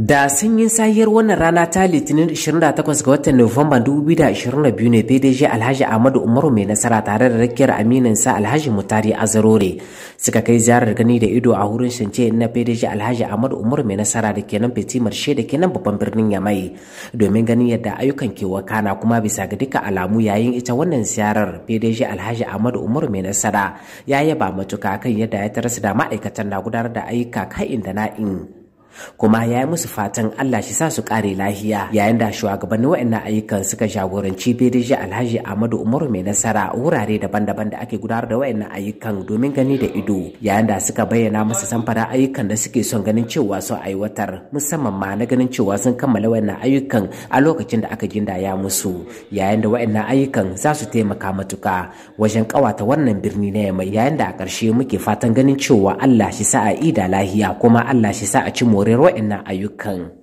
da sanyin sayar wannan rana ta litinin 28 ga watan nuwamba 2022 ne daidai alhaji ahmadu umaru mai nasara tare da rakiyar aminin sa alhaji mutari azarore suka kai ziyarar gani da ido a wurin shance na daidai alhaji ahmadu umaru mai nasara da kenan fiti marshe da kenan babban birnin yamai domin ganin yadda ayyukan ke wakana kuma bisa ga duka alamu yayin ita wannan ziyarar daidai alhaji ahmadu umaru mai nasara ya yaba matuka kan yadda ya tarasa da ma'aikatan na gudanar da ayyuka ka'in da na'in kuma ya yi musu fatan Allah shi sa su kare lahiya yayin da shugabanni wa'annan ayyukan suka jagoranci BDJ Alhaji Ahmadu Umaru mai nasara wurare daban-daban da ake gudanar da wa'annan ayyukan domin gani da ido yayin da suka bayyana masa samfara ayyukan da suke son ganin cewa su aiwatar musamman ma na ganin cewa sun kammala wa'annan ayyukan a lokacin da aka gindaya musu yayin da wa'annan ayyukan za su taimaka matuka wajen ƙawata wannan birni na yamma yayin da a ƙarshe muke fatan ganin cewa Allah shi sa a ida lahiya kuma Allah shi sa a ci mu moriyar wa'annan ayyukan